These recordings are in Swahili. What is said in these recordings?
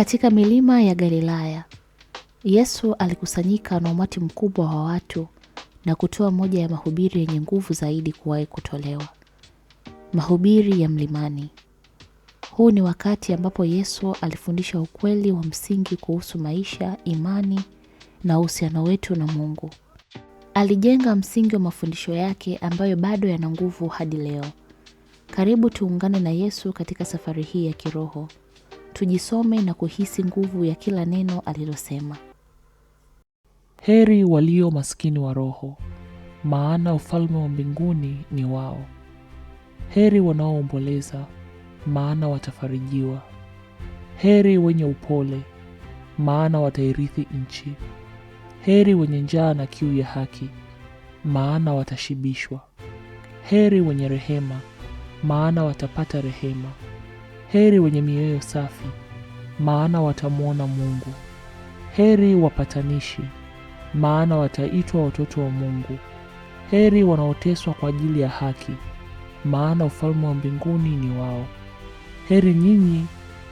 Katika milima ya Galilaya, Yesu alikusanyika na umati mkubwa wa watu na kutoa moja ya mahubiri yenye nguvu zaidi kuwahi kutolewa. Mahubiri ya mlimani. Huu ni wakati ambapo Yesu alifundisha ukweli wa msingi kuhusu maisha, imani na uhusiano wetu na Mungu. Alijenga msingi wa mafundisho yake ambayo bado yana nguvu hadi leo. Karibu tuungane na Yesu katika safari hii ya kiroho tujisome na kuhisi nguvu ya kila neno alilosema. Heri walio maskini wa roho, maana ufalme wa mbinguni ni wao. Heri wanaoomboleza, maana watafarijiwa. Heri wenye upole, maana watairithi nchi. Heri wenye njaa na kiu ya haki, maana watashibishwa. Heri wenye rehema, maana watapata rehema. Heri wenye mioyo safi, maana watamwona Mungu. Heri wapatanishi, maana wataitwa watoto wa Mungu. Heri wanaoteswa kwa ajili ya haki, maana ufalme wa mbinguni ni wao. Heri nyinyi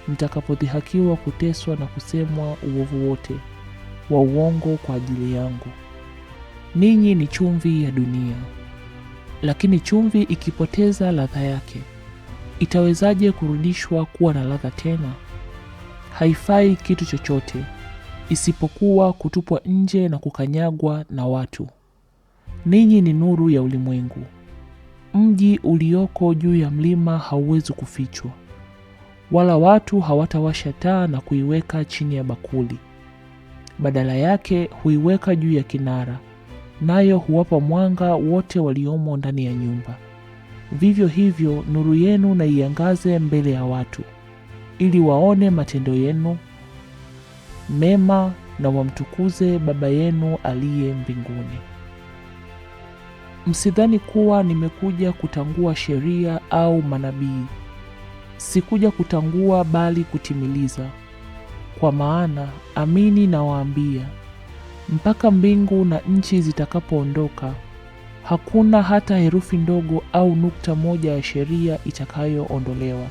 mtakapodhihakiwa, kuteswa na kusemwa uovu wote wa uongo kwa ajili yangu. Ninyi ni chumvi ya dunia, lakini chumvi ikipoteza ladha yake itawezaje kurudishwa kuwa na ladha tena? Haifai kitu chochote isipokuwa kutupwa nje na kukanyagwa na watu. Ninyi ni nuru ya ulimwengu. Mji ulioko juu ya mlima hauwezi kufichwa, wala watu hawatawasha taa na kuiweka chini ya bakuli. Badala yake huiweka juu ya kinara, nayo huwapa mwanga wote waliomo ndani ya nyumba. Vivyo hivyo nuru yenu na iangaze mbele ya watu, ili waone matendo yenu mema na wamtukuze Baba yenu aliye mbinguni. Msidhani kuwa nimekuja kutangua sheria au manabii. Sikuja kutangua bali kutimiliza. Kwa maana amini nawaambia, mpaka mbingu na nchi zitakapoondoka Hakuna hata herufi ndogo au nukta moja ya sheria itakayoondolewa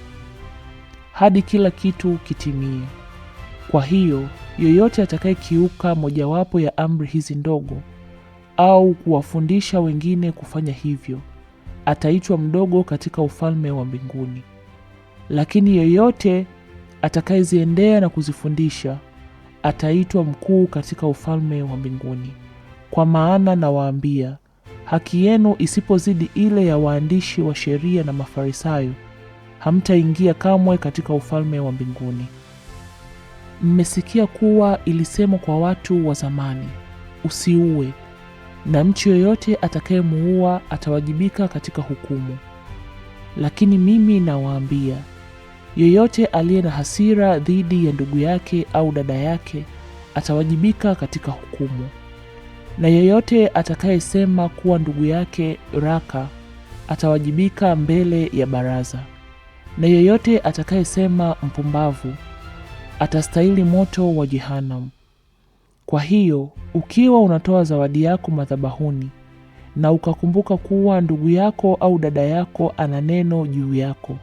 hadi kila kitu kitimie. Kwa hiyo, yoyote atakayekiuka mojawapo ya amri hizi ndogo au kuwafundisha wengine kufanya hivyo ataitwa mdogo katika ufalme wa mbinguni, lakini yeyote atakayeziendea na kuzifundisha ataitwa mkuu katika ufalme wa mbinguni. Kwa maana nawaambia, haki yenu isipozidi ile ya waandishi wa sheria na Mafarisayo, hamtaingia kamwe katika ufalme wa mbinguni. Mmesikia kuwa ilisemwa kwa watu wa zamani, usiue, na mtu yeyote atakayemuua atawajibika katika hukumu. Lakini mimi nawaambia, yeyote aliye na hasira dhidi ya ndugu yake au dada yake atawajibika katika hukumu na yeyote atakayesema kuwa ndugu yake Raka atawajibika mbele ya baraza, na yeyote atakayesema mpumbavu atastahili moto wa jehanamu. Kwa hiyo ukiwa unatoa zawadi yako madhabahuni na ukakumbuka kuwa ndugu yako au dada yako ana neno juu yako,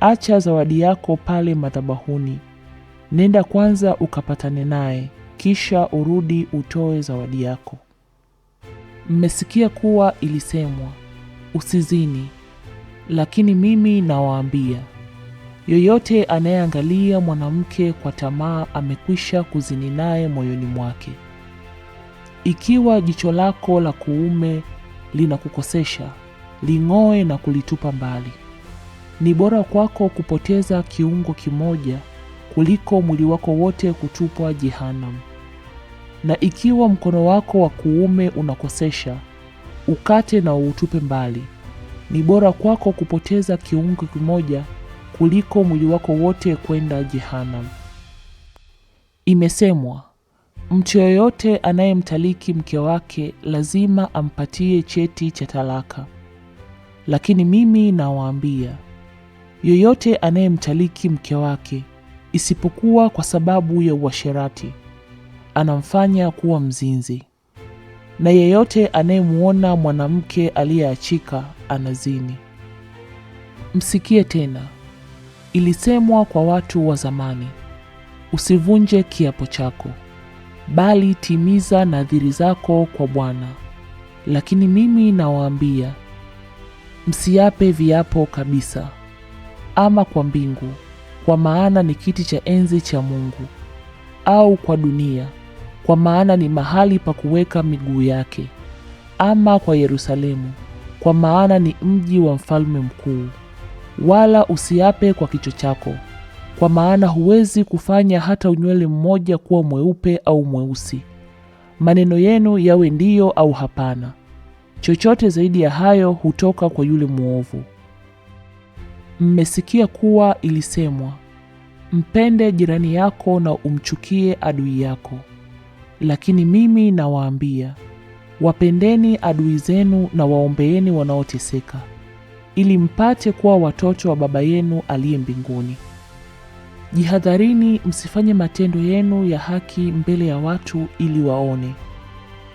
acha zawadi yako pale madhabahuni, nenda kwanza ukapatane naye kisha urudi utoe zawadi yako. Mmesikia kuwa ilisemwa, usizini. Lakini mimi nawaambia, yoyote anayeangalia mwanamke kwa tamaa amekwisha kuzini naye moyoni mwake. Ikiwa jicho lako la kuume linakukosesha, ling'oe na kulitupa mbali. Ni bora kwako kupoteza kiungo kimoja kuliko mwili wako wote kutupwa jehanamu. Na ikiwa mkono wako wa kuume unakosesha, ukate na uutupe mbali. Ni bora kwako kupoteza kiungo kimoja kuliko mwili wako wote kwenda jehanamu. Imesemwa, mtu yoyote anayemtaliki mke wake lazima ampatie cheti cha talaka. Lakini mimi nawaambia, yoyote anayemtaliki mke wake isipokuwa kwa sababu ya uasherati anamfanya kuwa mzinzi, na yeyote anayemwona mwanamke aliyeachika anazini. Msikie tena, ilisemwa kwa watu wa zamani, usivunje kiapo chako, bali timiza nadhiri zako kwa Bwana. Lakini mimi nawaambia, msiape viapo kabisa, ama kwa mbingu, kwa maana ni kiti cha enzi cha Mungu, au kwa dunia kwa maana ni mahali pa kuweka miguu yake, ama kwa Yerusalemu, kwa maana ni mji wa mfalme mkuu. Wala usiape kwa kichwa chako, kwa maana huwezi kufanya hata unywele mmoja kuwa mweupe au mweusi. Maneno yenu yawe ndiyo au hapana. Chochote zaidi ya hayo hutoka kwa yule mwovu. Mmesikia kuwa ilisemwa, mpende jirani yako na umchukie adui yako. Lakini mimi nawaambia, wapendeni adui zenu na waombeeni wanaoteseka, ili mpate kuwa watoto wa Baba yenu aliye mbinguni. Jihadharini msifanye matendo yenu ya haki mbele ya watu ili waone.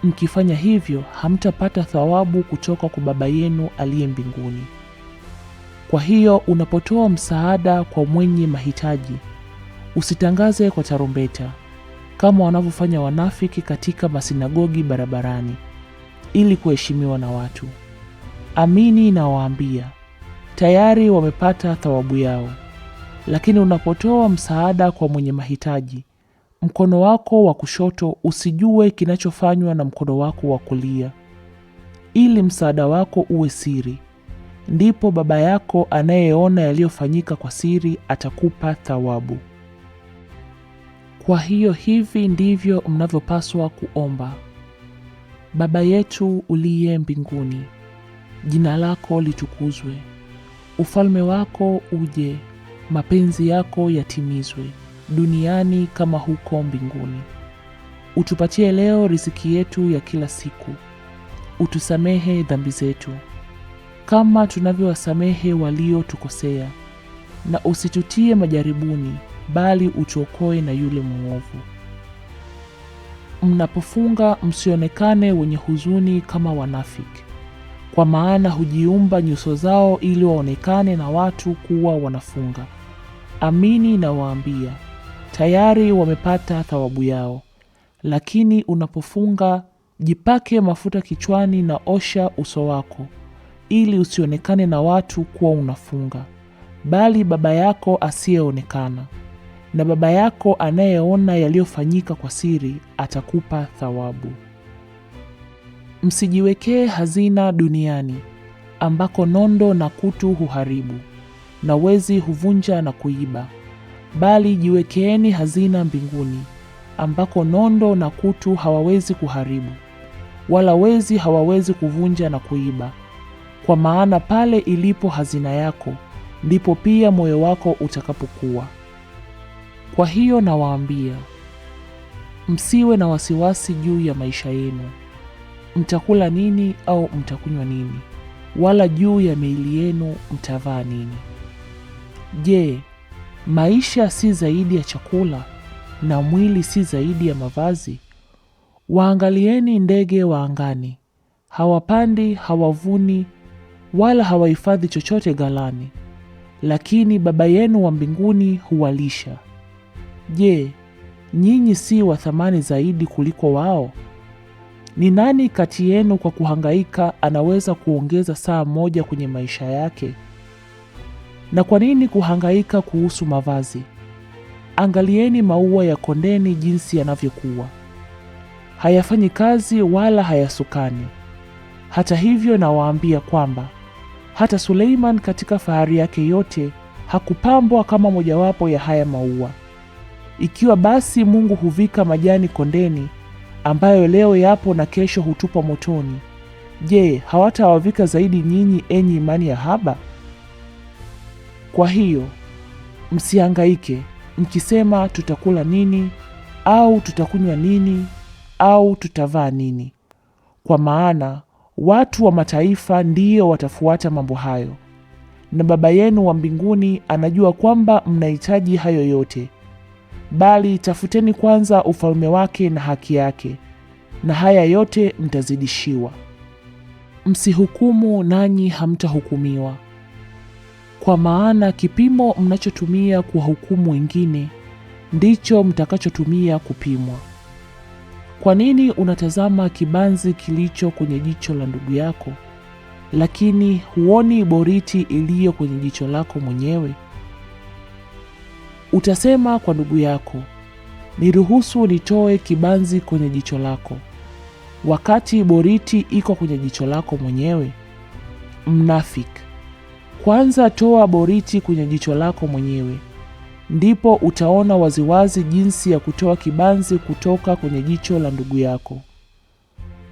Mkifanya hivyo, hamtapata thawabu kutoka kwa Baba yenu aliye mbinguni. Kwa hiyo unapotoa msaada kwa mwenye mahitaji, usitangaze kwa tarumbeta, kama wanavyofanya wanafiki katika masinagogi barabarani ili kuheshimiwa na watu. Amini nawaambia, tayari wamepata thawabu yao. Lakini unapotoa msaada kwa mwenye mahitaji, mkono wako wa kushoto usijue kinachofanywa na mkono wako wa kulia, ili msaada wako uwe siri. Ndipo Baba yako anayeona yaliyofanyika kwa siri atakupa thawabu. Kwa hiyo hivi ndivyo mnavyopaswa kuomba: Baba yetu uliye mbinguni, jina lako litukuzwe, ufalme wako uje, mapenzi yako yatimizwe duniani kama huko mbinguni. Utupatie leo riziki yetu ya kila siku, utusamehe dhambi zetu kama tunavyowasamehe waliotukosea, na usitutie majaribuni bali uchokoe na yule mwovu. Mnapofunga msionekane wenye huzuni kama wanafiki, kwa maana hujiumba nyuso zao ili waonekane na watu kuwa wanafunga. Amini nawaambia, tayari wamepata thawabu yao. Lakini unapofunga jipake mafuta kichwani na osha uso wako, ili usionekane na watu kuwa unafunga, bali Baba yako asiyeonekana na Baba yako anayeona yaliyofanyika kwa siri atakupa thawabu. Msijiwekee hazina duniani, ambako nondo na kutu huharibu na wezi huvunja na kuiba, bali jiwekeeni hazina mbinguni, ambako nondo na kutu hawawezi kuharibu, wala wezi hawawezi kuvunja na kuiba. Kwa maana pale ilipo hazina yako, ndipo pia moyo wako utakapokuwa. Kwa hiyo nawaambia, msiwe na wasiwasi juu ya maisha yenu, mtakula nini au mtakunywa nini, wala juu ya miili yenu mtavaa nini. Je, maisha si zaidi ya chakula na mwili si zaidi ya mavazi? Waangalieni ndege wa angani, hawapandi, hawavuni, wala hawahifadhi chochote galani lakini Baba yenu wa mbinguni huwalisha. Je, nyinyi si wa thamani zaidi kuliko wao? Ni nani kati yenu kwa kuhangaika anaweza kuongeza saa moja kwenye maisha yake? Na kwa nini kuhangaika kuhusu mavazi? Angalieni maua ya kondeni jinsi yanavyokuwa, hayafanyi kazi wala hayasukani. Hata hivyo nawaambia kwamba hata Suleiman katika fahari yake yote hakupambwa kama mojawapo ya haya maua. Ikiwa basi Mungu huvika majani kondeni, ambayo leo yapo na kesho hutupa motoni, je, hawatawavika zaidi nyinyi, enyi imani ya haba? Kwa hiyo msihangaike mkisema, tutakula nini au tutakunywa nini au tutavaa nini, kwa maana watu wa mataifa ndiyo watafuata mambo hayo, na Baba yenu wa mbinguni anajua kwamba mnahitaji hayo yote bali tafuteni kwanza ufalme wake na haki yake, na haya yote mtazidishiwa. Msihukumu nanyi hamtahukumiwa, kwa maana kipimo mnachotumia kuwahukumu wengine ndicho mtakachotumia kupimwa. Kwa nini unatazama kibanzi kilicho kwenye jicho la ndugu yako, lakini huoni boriti iliyo kwenye jicho lako mwenyewe? utasema kwa ndugu yako, niruhusu nitoe kibanzi kwenye jicho lako, wakati boriti iko kwenye jicho lako mwenyewe? Mnafiki, kwanza toa boriti kwenye jicho lako mwenyewe, ndipo utaona waziwazi jinsi ya kutoa kibanzi kutoka kwenye jicho la ndugu yako.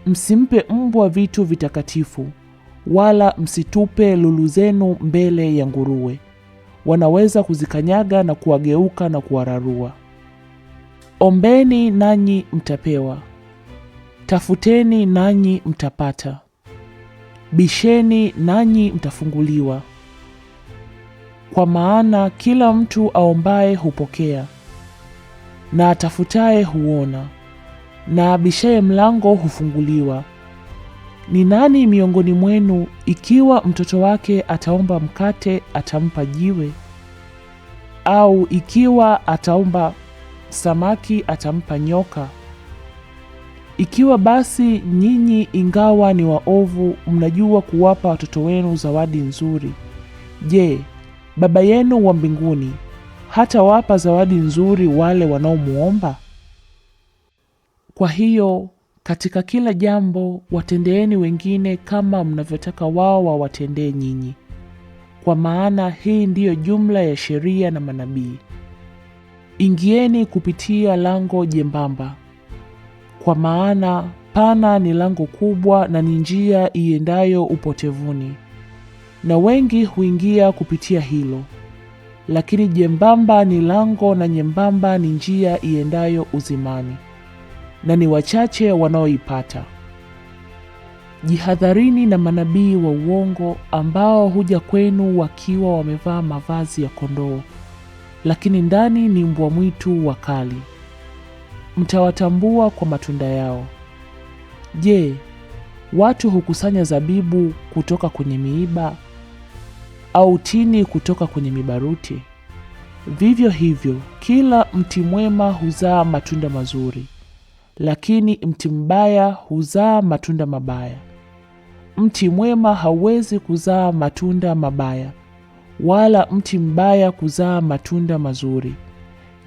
Msimpe mbwa vitu vitakatifu, wala msitupe lulu zenu mbele ya nguruwe wanaweza kuzikanyaga na kuwageuka na kuwararua. Ombeni nanyi mtapewa, tafuteni nanyi mtapata, bisheni nanyi mtafunguliwa. Kwa maana kila mtu aombaye hupokea, na atafutaye huona, na abishaye mlango hufunguliwa. Ni nani miongoni mwenu ikiwa mtoto wake ataomba mkate atampa jiwe? Au ikiwa ataomba samaki atampa nyoka? Ikiwa basi nyinyi ingawa ni waovu mnajua kuwapa watoto wenu zawadi nzuri, je, Baba yenu wa mbinguni hatawapa zawadi nzuri wale wanaomwomba? Kwa hiyo katika kila jambo watendeeni wengine kama mnavyotaka wao wawatendee nyinyi, kwa maana hii ndiyo jumla ya sheria na manabii. Ingieni kupitia lango jembamba, kwa maana pana ni lango kubwa na ni njia iendayo upotevuni, na wengi huingia kupitia hilo. Lakini jembamba ni lango na nyembamba ni njia iendayo uzimani na ni wachache wanaoipata. Jihadharini na manabii wa uongo ambao huja kwenu wakiwa wamevaa mavazi ya kondoo, lakini ndani ni mbwa mwitu wakali. Mtawatambua kwa matunda yao. Je, watu hukusanya zabibu kutoka kwenye miiba au tini kutoka kwenye mibaruti? Vivyo hivyo, kila mti mwema huzaa matunda mazuri lakini mti mbaya huzaa matunda mabaya. Mti mwema hauwezi kuzaa matunda mabaya, wala mti mbaya kuzaa matunda mazuri.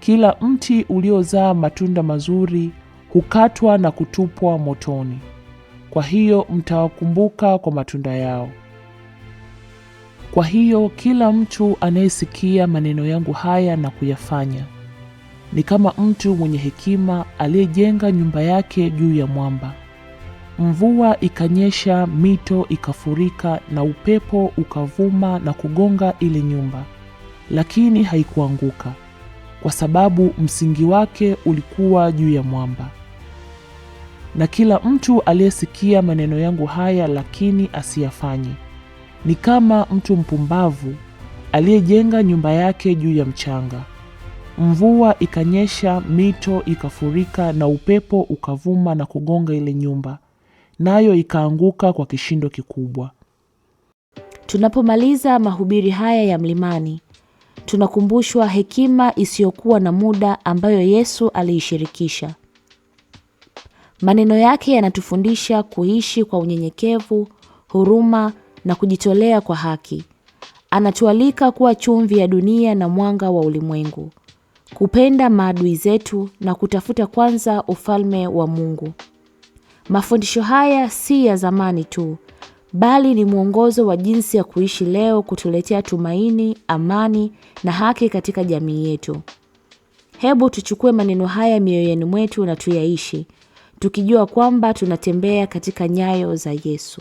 Kila mti uliozaa matunda mazuri hukatwa na kutupwa motoni. Kwa hiyo mtawakumbuka kwa matunda yao. Kwa hiyo kila mtu anayesikia maneno yangu haya na kuyafanya ni kama mtu mwenye hekima aliyejenga nyumba yake juu ya mwamba. Mvua ikanyesha, mito ikafurika, na upepo ukavuma na kugonga ile nyumba, lakini haikuanguka kwa sababu msingi wake ulikuwa juu ya mwamba. Na kila mtu aliyesikia maneno yangu haya lakini asiyafanye, ni kama mtu mpumbavu aliyejenga nyumba yake juu ya mchanga. Mvua ikanyesha, mito ikafurika na upepo ukavuma na kugonga ile nyumba, nayo ikaanguka kwa kishindo kikubwa. Tunapomaliza mahubiri haya ya mlimani, tunakumbushwa hekima isiyokuwa na muda ambayo Yesu aliishirikisha. Maneno yake yanatufundisha kuishi kwa unyenyekevu, huruma na kujitolea kwa haki. Anatualika kuwa chumvi ya dunia na mwanga wa ulimwengu kupenda maadui zetu na kutafuta kwanza ufalme wa Mungu. Mafundisho haya si ya zamani tu, bali ni mwongozo wa jinsi ya kuishi leo, kutuletea tumaini, amani na haki katika jamii yetu. Hebu tuchukue maneno haya mioyoni mwetu na tuyaishi, tukijua kwamba tunatembea katika nyayo za Yesu.